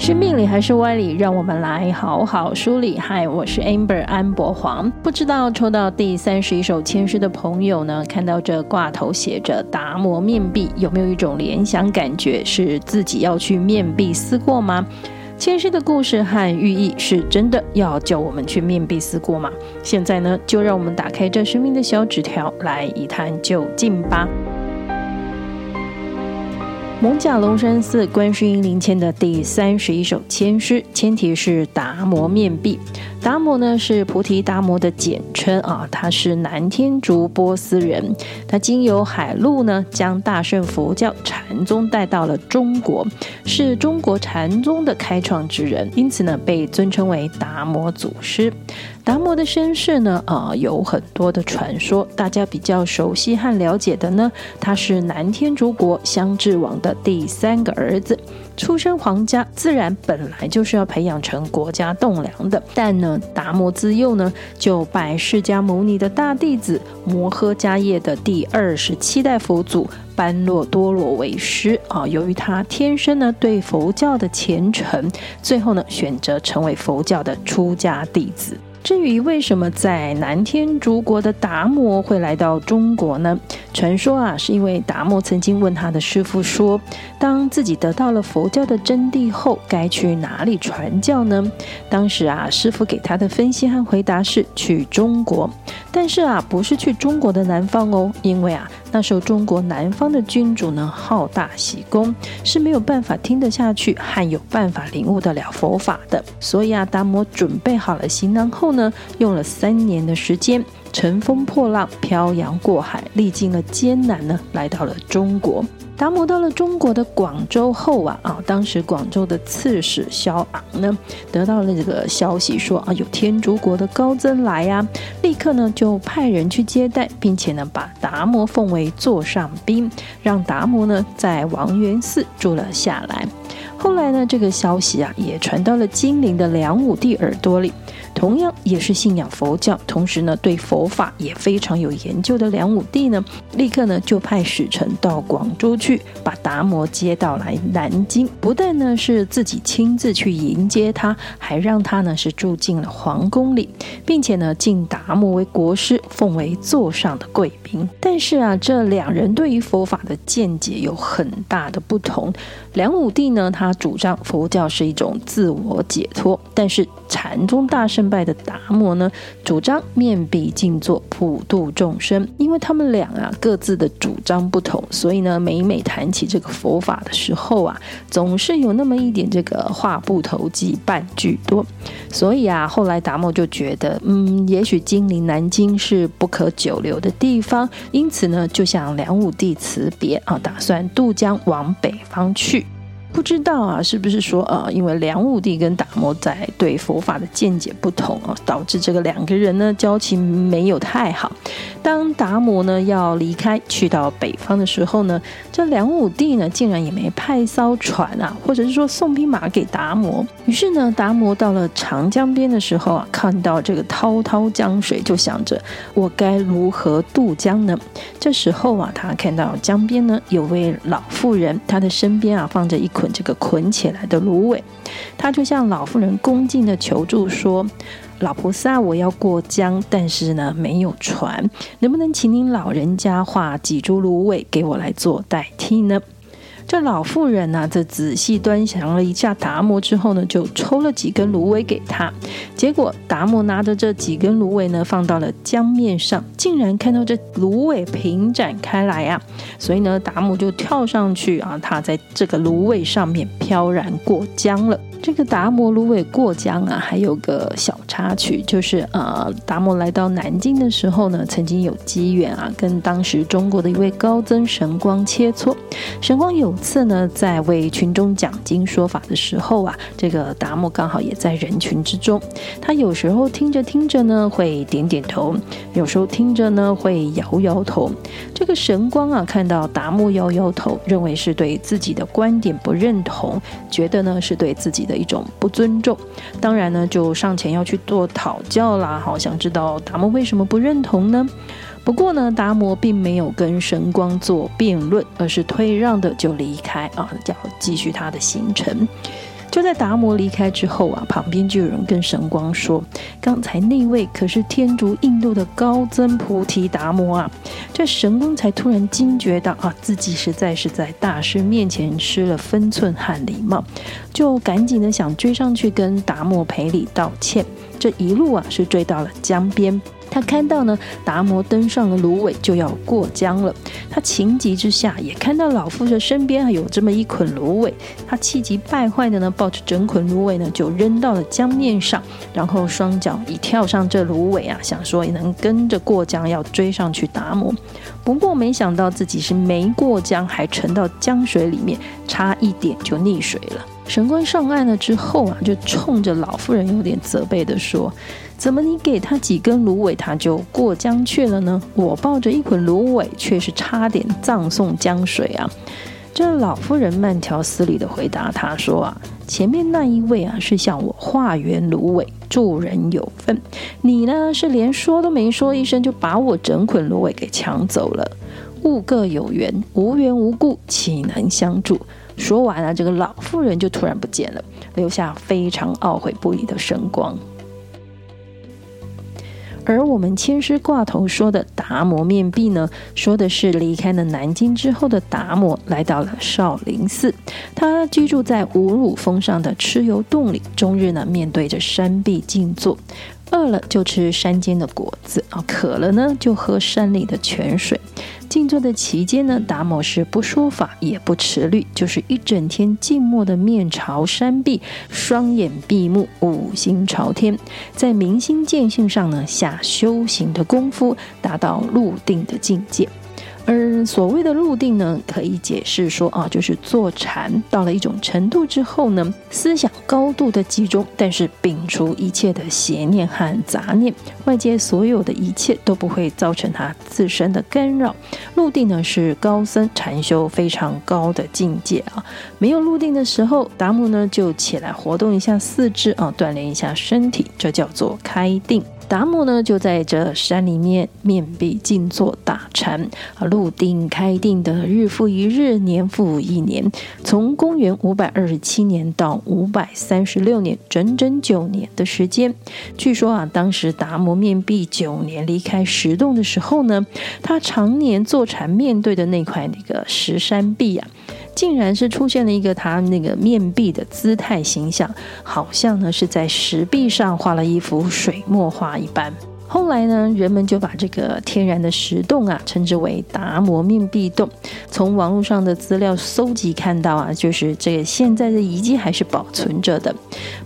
是命理還是歪理？讓我們來好好梳理。嗨，我是 Amber 安博黃。不知道抽到第三十一首《籤詩》的朋友呢，看到這掛頭寫着“達摩面壁”，有沒有一種聯想感覺是自己要去面壁思過嗎？籤詩的故事和寓意是真的要叫我們去面壁思過嗎？現在呢，就讓我們打開這神明的小紙條，來一探究竟吧。艋舺龍山寺觀世音靈籤的第三十一首籤詩，籤題是達摩面壁。達摩呢是菩提達摩的簡稱啊、哦，他是南天竺波斯人，他經由海路呢，將大乘佛教禪宗帶到了中國，是中國禪宗的開創之人，因此呢，被尊稱為達摩祖師。達摩的身世呢？啊、呃，有很多的傳說。大家比較熟悉和了解的呢，他是南天竺國香至王的第三個兒子，出身皇家，自然本來就是要培養成國家棟梁的。但呢，達摩自幼呢就拜釋迦牟尼的大弟子摩訶迦葉的第二十七代佛祖般若多羅為師啊、呃。由於他天生呢對佛教的虔誠，最後呢選擇成為佛教的出家弟子。至於為什麼在南天竺國的達摩會來到中國呢？傳說啊，是因為達摩曾經問他的師父說：“當自己得到了佛教的真諦後，該去哪裡傳教呢？”當時啊，師父給他的分析和回答是去中國，但是啊，不是去中國的南方哦，因為啊。那時候，中國南方的君主呢，好大喜功，是沒有辦法聽得下去，還有辦法領悟得了佛法的。所以啊，達摩準備好了行囊後呢，用了三年的時間。乘風破浪，漂洋過海，歷盡了艱難呢，來到了中國。達摩到了中國的廣州後啊，啊，當時廣州的刺史蕭昂呢，得到了這個消息說啊，有天竺國的高僧來呀、啊，立刻呢就派人去接待，並且呢把達摩奉為座上賓，讓達摩呢在王園寺住了下來。後來呢，這個消息啊也傳到了金陵的梁武帝耳朵裡。同樣也是信仰佛教，同時呢對佛法也非常有研究的梁武帝呢，立刻呢就派使臣到廣州去把達摩接到來南京，不但呢是自己親自去迎接他，還讓他呢是住進了皇宮裡，並且呢敬達摩為國師，奉為座上的貴賓。但是啊，這兩人對於佛法的見解有很大的不同。梁武帝呢，他主張佛教是一種自我解脫，但是禪宗大聖。拜的達摩呢，主張面壁靜坐，普度眾生。因為他們倆啊各自的主張不同，所以呢，每每談起這個佛法的時候啊，總是有那麼一點這個話不投機半句多。所以啊，後來達摩就覺得，嗯，也許金陵南京是不可久留的地方，因此呢，就向梁武帝辭別啊，打算渡江往北方去。不知道啊，是不是說呃，因為梁武帝跟達摩在對佛法的見解不同啊，導致這個兩個人呢交情沒有太好。當達摩呢要離開去到北方的時候呢，這梁武帝呢竟然也沒派艘船啊，或者是說送兵馬給達摩。於是呢，達摩到了長江邊的時候啊，看到這個滔滔江水，就想着我該如何渡江呢？這時候啊，他看到江邊呢有位老婦人，她的身邊啊放着一捆。這個捆起來的蘆葦，他就向老婦人恭敬的求助說：“老菩薩，我要過江，但是呢沒有船，能不能請您老人家畫幾株蘆葦給我來做代替呢？”這老婦人呢、啊，在仔細端詳了一下達摩之後呢，就抽了幾根蘆葦給他。結果達摩拿着這幾根蘆葦呢，放到了江面上，竟然看到這蘆葦平展開來啊！所以呢，達摩就跳上去啊，踏在這個蘆葦上面飄然過江了。這個達摩蘆葦過江啊，還有個小插曲，就是呃，達摩來到南京的時候呢，曾經有機緣啊，跟當時中國的一位高僧神光切磋。神光有次呢，在為群眾講經說法的時候啊，這個達摩剛好也在人群之中。他有時候聽着聽着呢，會點點頭，有時候聽着呢，會搖搖頭。這個神光啊，看到達摩搖搖搖頭，認為是對自己的觀點不認同，覺得呢是對自己的的一種不尊重，當然呢，就上前要去做討教啦，好，想知道達摩為什麼不認同呢？不過呢，達摩並沒有跟神光做辯論，而是退讓的就離開啊，就要繼續他的行程。就在達摩離開之後啊，旁邊就有人跟神光說：“剛才那位可是天竺印度的高僧菩提達摩啊！”這神光才突然驚覺到啊，自己實在是在大師面前失了分寸和禮貌，就趕緊的想追上去跟達摩賠禮道歉。這一路啊，是追到了江邊。他看到呢，達摩登上了蘆葦，就要過江了。他情急之下，也看到老夫子身邊有這麼一捆蘆葦。他氣急敗壞的呢，抱着整捆蘆葦呢，就扔到了江面上。然後雙腳一跳上這蘆葦啊，想說也能跟着過江，要追上去達摩。不過沒想到自己是沒過江，還沉到江水裡面，差一點就溺水了。神官上岸了之後啊，就沖着老夫人有點責備的說：“怎麼你給他幾根蘆葦，他就過江去了呢？我抱着一捆蘆葦，卻是差點葬送江水啊！”這老夫人慢條斯理的回答他說：“啊，前面那一位啊，是向我化緣蘆葦，助人有份。你呢，是連說都沒說一聲，就把我整捆蘆葦給搶走了。物各有緣，無緣無故，豈能相助？”說完啊，這個老婦人就突然不見了，留下非常懊悔不已的神光。而我們籤詩卦頭說的達摩面壁呢，說的是離開了南京之後的達摩來到了少林寺，他居住在五乳峰上的蚩尤洞裡，終日呢面對着山壁靜坐。餓了就吃山間的果子啊，渴了呢就喝山裡的泉水。靜坐的期間呢，達摩是不說法，也不持律，就是一整天靜默的面朝山壁，雙眼閉目，五心朝天，在明心見性上呢下修行的功夫，達到入定的境界。而所謂的入定呢，可以解釋說啊，就是坐禪到了一種程度之後呢，思想高度的集中，但是摒除一切的邪念和雜念，外界所有的一切都不會造成它自身的干擾。入定呢是高僧禪修非常高的境界啊。沒有入定的時候，達摩呢就起來活動一下四肢啊，鍛鍊一下身體，這叫做開定。達摩呢，就在這山裡面面壁靜坐打禪，啊，入定開定的，日復一日，年復一年，從公元五百二十七年到五百三十六年，整整九年的時間。據說啊，當時達摩面壁九年，離開石洞的時候呢，他常年坐禪面對的那塊那個石山壁啊。竟然是出現了一個他那個面壁的姿態形象，好像呢是在石壁上畫了一幅水墨畫一般。後來呢，人們就把這個天然的石洞啊，稱之為達摩面壁洞。從網絡上的資料搜集看到啊，就是這個現在的遺跡還是保存着的。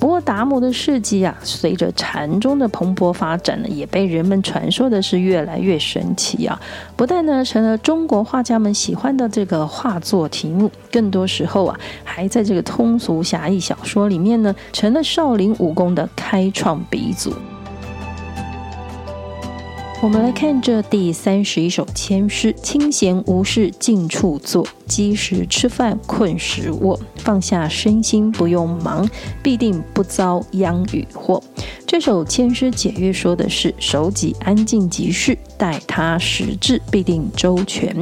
不過達摩的事跡啊，隨着禪宗的蓬勃發展呢，也被人們傳說的是越來越神奇啊。不但呢成了中國畫家們喜歡的這個畫作題目，更多時候啊，還在這個通俗俠義小說裡面呢，成了少林武功的開創鼻祖。我們來看這第三十一首籤詩：清閒無事靜處坐，飢時吃飯困時臥，放下身心不用忙，必定不遭殃與禍。這首籤詩解曰說的是守己安靜即是，待他時至必定周全。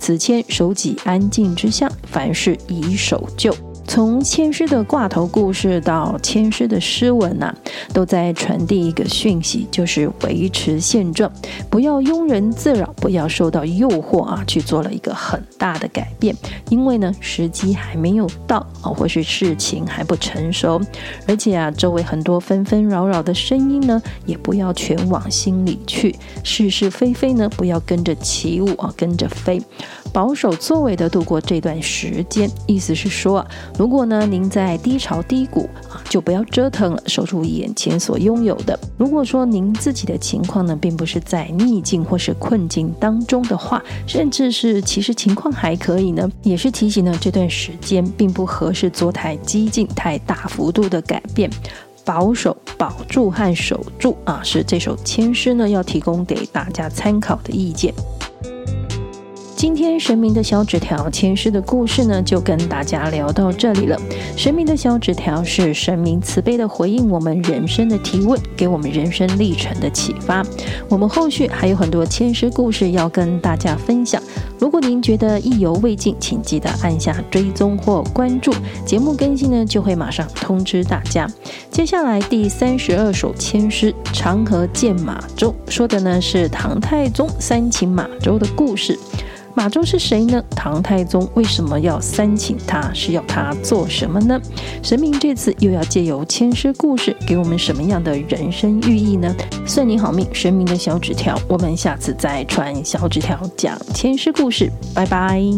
此籤守己安靜之象，凡事宜守舊。從籤詩的卦頭故事到籤詩的詩文吶、啊，都在傳遞一個訊息，就是維持現狀，不要庸人自擾，不要受到誘惑啊去做了一個很大的改變。因為呢，時機還沒有到啊，或是事情還不成熟，而且啊，周圍很多紛紛擾擾的聲音呢，也不要全往心裡去，是是非非呢，不要跟着起舞啊，跟着飛。保守作為的度過這段時間，意思是說啊，如果呢，您在低潮低谷啊，就不要折騰了，守住眼前所擁有的。如果說您自己的情況呢，並不是在逆境或是困境當中的話，甚至是其實情況還可以呢，也是提醒呢，這段時間並不合適做太激進、太大幅度的改變，保守保住和守住啊，是這首籤詩呢要提供給大家參考的意見。今天神明的小紙條，籤詩的故事呢，就跟大家聊到這裡了。神明的小紙條是神明慈悲的回應我們人生的提問，給我們人生歷程的啟發。我們後續還有很多籤詩故事要跟大家分享。如果您覺得意猶未盡，請記得按下追蹤或關注，節目更新呢就會馬上通知大家。接下來第三十二首籤詩《長河見馬周》，說的呢是唐太宗三請馬周的故事。馬周是誰呢？唐太宗為什麼要三請他？是要他做什麼呢？神明這次又要借由籤詩故事給我們什麼樣的人生寓意呢？算你好命，神明的小紙條，我們下次再傳小紙條講籤詩故事，拜拜。